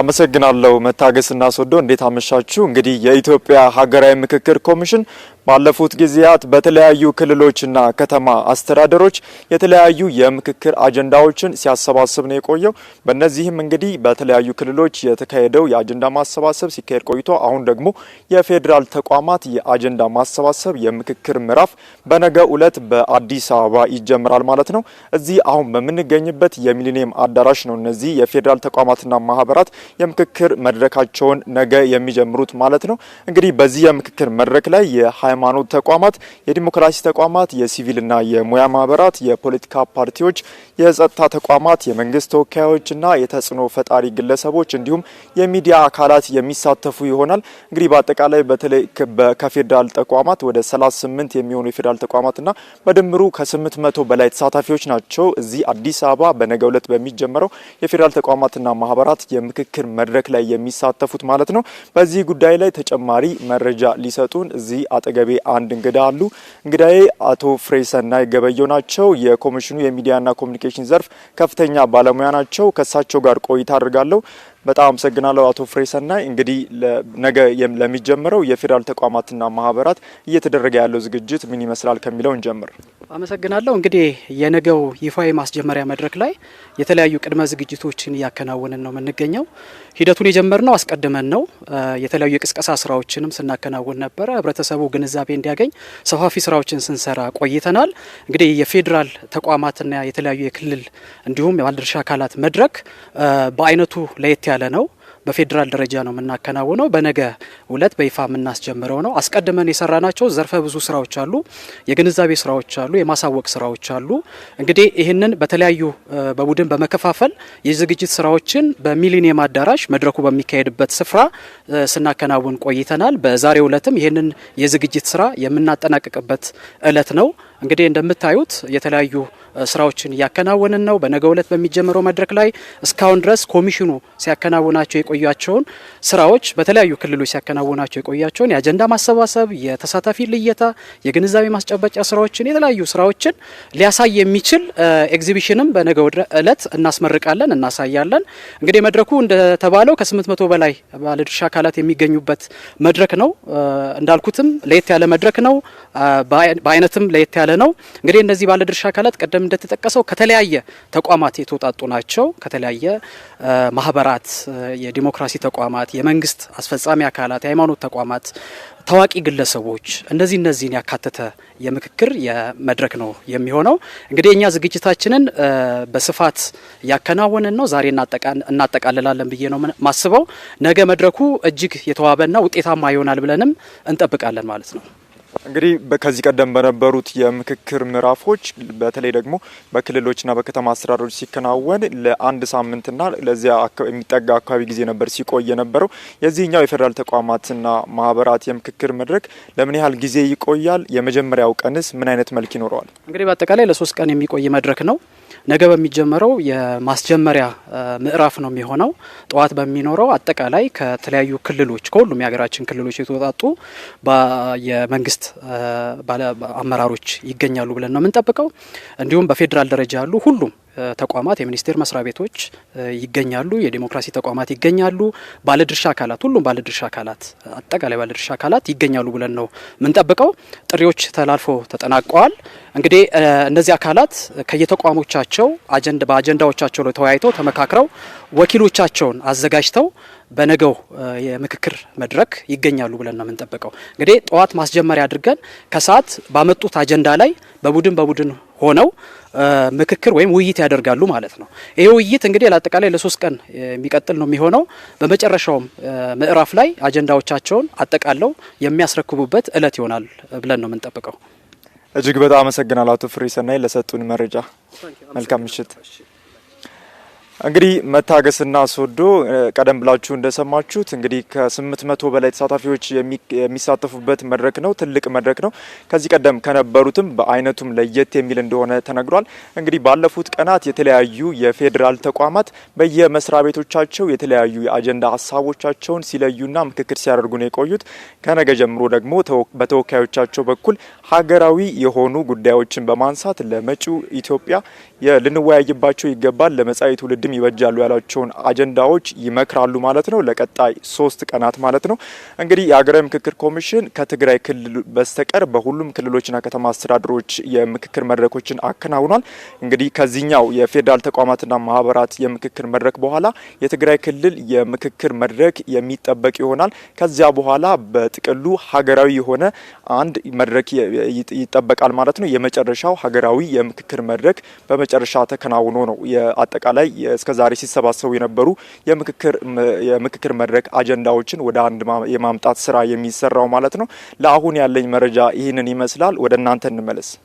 አመሰግናለሁ መታገስ እና ሶዶ እንዴት አመሻችሁ። እንግዲህ የኢትዮጵያ ሀገራዊ ምክክር ኮሚሽን ባለፉት ጊዜያት በተለያዩ ክልሎችና ከተማ አስተዳደሮች የተለያዩ የምክክር አጀንዳዎችን ሲያሰባስብ ነው የቆየው። በእነዚህም እንግዲህ በተለያዩ ክልሎች የተካሄደው የአጀንዳ ማሰባሰብ ሲካሄድ ቆይቶ አሁን ደግሞ የፌዴራል ተቋማት የአጀንዳ ማሰባሰብ የምክክር ምዕራፍ በነገ ዕለት በአዲስ አበባ ይጀምራል ማለት ነው። እዚህ አሁን በምንገኝበት የሚሊኒየም አዳራሽ ነው እነዚህ የፌዴራል ተቋማትና ማህበራት የምክክር መድረካቸውን ነገ የሚጀምሩት ማለት ነው። እንግዲህ በዚህ የምክክር መድረክ ላይ የሃይማኖት ተቋማት፣ የዲሞክራሲ ተቋማት፣ የሲቪልና የሙያ ማህበራት፣ የፖለቲካ ፓርቲዎች፣ የጸጥታ ተቋማት፣ የመንግስት ተወካዮችና የተጽዕኖ ፈጣሪ ግለሰቦች እንዲሁም የሚዲያ አካላት የሚሳተፉ ይሆናል። እንግዲህ በአጠቃላይ በተለይ ከፌዴራል ተቋማት ወደ 38 የሚሆኑ የፌዴራል ተቋማትና በድምሩ ከ800 በላይ ተሳታፊዎች ናቸው እዚህ አዲስ አበባ በነገው ዕለት በሚጀመረው የፌዴራል ተቋማትና ማህበራት የምክክር የምክክር መድረክ ላይ የሚሳተፉት ማለት ነው። በዚህ ጉዳይ ላይ ተጨማሪ መረጃ ሊሰጡን እዚህ አጠገቤ አንድ እንግዳ አሉ። እንግዳዬ አቶ ፍሬሰናይ ገበየው ናቸው። የኮሚሽኑ የሚዲያና ኮሚኒኬሽን ዘርፍ ከፍተኛ ባለሙያ ናቸው። ከእሳቸው ጋር ቆይታ አድርጋለሁ። በጣም አመሰግናለሁ አቶ ፍሬሰናይ። እንግዲህ ነገ ለሚጀምረው የፌዴራል ተቋማትና ማህበራት እየተደረገ ያለው ዝግጅት ምን ይመስላል ከሚለው እንጀምር። አመሰግናለሁ። እንግዲህ የነገው ይፋዊ ማስጀመሪያ መድረክ ላይ የተለያዩ ቅድመ ዝግጅቶችን እያከናወንን ነው የምንገኘው። ሂደቱን የጀመርነው አስቀድመን ነው። የተለያዩ የቅስቀሳ ስራዎችንም ስናከናውን ነበረ። ህብረተሰቡ ግንዛቤ እንዲያገኝ ሰፋፊ ስራዎችን ስንሰራ ቆይተናል። እንግዲህ የፌዴራል ተቋማትና የተለያዩ የክልል እንዲሁም የባለድርሻ አካላት መድረክ በአይነቱ ለየት ያለ ነው። በፌዴራል ደረጃ ነው የምናከናውነው። በነገ ሁለት በይፋ የምናስጀምረው ነው። አስቀድመን የሰራናቸው ዘርፈ ብዙ ስራዎች አሉ። የግንዛቤ ስራዎች አሉ። የማሳወቅ ስራዎች አሉ። እንግዲህ ይህንን በተለያዩ በቡድን በመከፋፈል የዝግጅት ስራዎችን በሚሊኒየም አዳራሽ መድረኩ በሚካሄድበት ስፍራ ስናከናውን ቆይተናል። በዛሬው ዕለትም ይህንን የዝግጅት ስራ የምናጠናቅቅበት እለት ነው። እንግዲህ እንደምታዩት የተለያዩ ስራዎችን እያከናወንን ነው። በነገው ዕለት በሚጀምረው መድረክ ላይ እስካሁን ድረስ ኮሚሽኑ ሲያከናውናቸው የቆያቸውን ስራዎች በተለያዩ ክልሎች ሲያከናውናቸው የቆያቸውን የአጀንዳ ማሰባሰብ፣ የተሳታፊ ልየታ፣ የግንዛቤ ማስጨበጫ ስራዎችን የተለያዩ ስራዎችን ሊያሳይ የሚችል ኤግዚቢሽንም በነገው ዕለት እናስመርቃለን፣ እናሳያለን። እንግዲህ መድረኩ እንደተባለው ከስምንት መቶ በላይ ባለድርሻ አካላት የሚገኙበት መድረክ ነው። እንዳልኩትም ለየት ያለ መድረክ ነው። በአይነትም ለየት ያለ እያለ ነው። እንግዲህ እነዚህ ባለድርሻ አካላት ቀደም እንደተጠቀሰው ከተለያየ ተቋማት የተውጣጡ ናቸው። ከተለያየ ማህበራት፣ የዲሞክራሲ ተቋማት፣ የመንግስት አስፈጻሚ አካላት፣ የሃይማኖት ተቋማት ታዋቂ ግለሰቦች እነዚህ እነዚህን ያካተተ የምክክር የመድረክ ነው የሚሆነው። እንግዲህ እኛ ዝግጅታችንን በስፋት ያከናወንን ነው። ዛሬ እናጠቃልላለን ብዬ ነው ማስበው። ነገ መድረኩ እጅግ የተዋበና ውጤታማ ይሆናል ብለንም እንጠብቃለን ማለት ነው። እንግዲህ ከዚህ ቀደም በነበሩት የምክክር ምዕራፎች በተለይ ደግሞ በክልሎችና በከተማ አስተዳደሮች ሲከናወን ለአንድ ሳምንትና ለዚያ የሚጠጋ አካባቢ ጊዜ ነበር ሲቆይ የነበረው። የዚህኛው የፌዴራል ተቋማትና ማህበራት የምክክር መድረክ ለምን ያህል ጊዜ ይቆያል? የመጀመሪያው ቀንስ ምን አይነት መልክ ይኖረዋል? እንግዲህ በአጠቃላይ ለሶስት ቀን የሚቆይ መድረክ ነው። ነገ በሚጀመረው የማስጀመሪያ ምዕራፍ ነው የሚሆነው። ጠዋት በሚኖረው አጠቃላይ ከተለያዩ ክልሎች ከሁሉም የሀገራችን ክልሎች የተወጣጡ የመንግስት አመራሮች ይገኛሉ ብለን ነው የምንጠብቀው። እንዲሁም በፌዴራል ደረጃ ያሉ ሁሉም ተቋማት የሚኒስቴር መስሪያ ቤቶች ይገኛሉ፣ የዲሞክራሲ ተቋማት ይገኛሉ፣ ባለድርሻ አካላት ሁሉም ባለድርሻ አካላት አጠቃላይ ባለድርሻ አካላት ይገኛሉ ብለን ነው የምንጠብቀው። ጥሪዎች ተላልፎ ተጠናቀዋል። እንግዲህ እነዚህ አካላት ከየተቋሞቻቸው በአጀንዳዎቻቸው ላይ ተወያይተው ተመካክረው ወኪሎቻቸውን አዘጋጅተው በነገው የምክክር መድረክ ይገኛሉ ብለን ነው የምንጠብቀው። እንግዲህ ጠዋት ማስጀመሪያ አድርገን ከሰዓት ባመጡት አጀንዳ ላይ በቡድን በቡድን ሆነው ምክክር ወይም ውይይት ያደርጋሉ ማለት ነው። ይህ ውይይት እንግዲህ ለአጠቃላይ ለሶስት ቀን የሚቀጥል ነው የሚሆነው። በመጨረሻውም ምዕራፍ ላይ አጀንዳዎቻቸውን አጠቃለው የሚያስረክቡበት እለት ይሆናል ብለን ነው የምንጠብቀው። እጅግ በጣም አመሰግናለሁ አቶ ፍሬ ሰናይ ለሰጡን መረጃ። መልካም ምሽት። እንግዲህ መታገስና አስወዶ ቀደም ብላችሁ እንደሰማችሁት እንግዲህ ከስምንት መቶ በላይ ተሳታፊዎች የሚሳተፉበት መድረክ ነው። ትልቅ መድረክ ነው። ከዚህ ቀደም ከነበሩትም በአይነቱም ለየት የሚል እንደሆነ ተነግሯል። እንግዲህ ባለፉት ቀናት የተለያዩ የፌዴራል ተቋማት በየመስሪያ ቤቶቻቸው የተለያዩ የአጀንዳ ሀሳቦቻቸውን ሲለዩና ምክክር ሲያደርጉ ነው የቆዩት። ከነገ ጀምሮ ደግሞ በተወካዮቻቸው በኩል ሀገራዊ የሆኑ ጉዳዮችን በማንሳት ለመጪው ኢትዮጵያ ልንወያይባቸው ይገባል ለመጻኢ ትውልድ ለወደፊትም ይበጃሉ ያሏቸውን አጀንዳዎች ይመክራሉ ማለት ነው። ለቀጣይ ሶስት ቀናት ማለት ነው። እንግዲህ የሀገራዊ ምክክር ኮሚሽን ከትግራይ ክልል በስተቀር በሁሉም ክልሎችና ከተማ አስተዳደሮች የምክክር መድረኮችን አከናውኗል። እንግዲህ ከዚህኛው የፌዴራል ተቋማትና ማህበራት የምክክር መድረክ በኋላ የትግራይ ክልል የምክክር መድረክ የሚጠበቅ ይሆናል። ከዚያ በኋላ በጥቅሉ ሀገራዊ የሆነ አንድ መድረክ ይጠበቃል ማለት ነው። የመጨረሻው ሀገራዊ የምክክር መድረክ በመጨረሻ ተከናውኖ ነው የአጠቃላይ እስከዛሬ ሲሰባሰቡ የነበሩ የምክክር መድረክ አጀንዳዎችን ወደ አንድ የማምጣት ስራ የሚሰራው ማለት ነው። ለአሁን ያለኝ መረጃ ይህንን ይመስላል። ወደ እናንተ እንመለስ።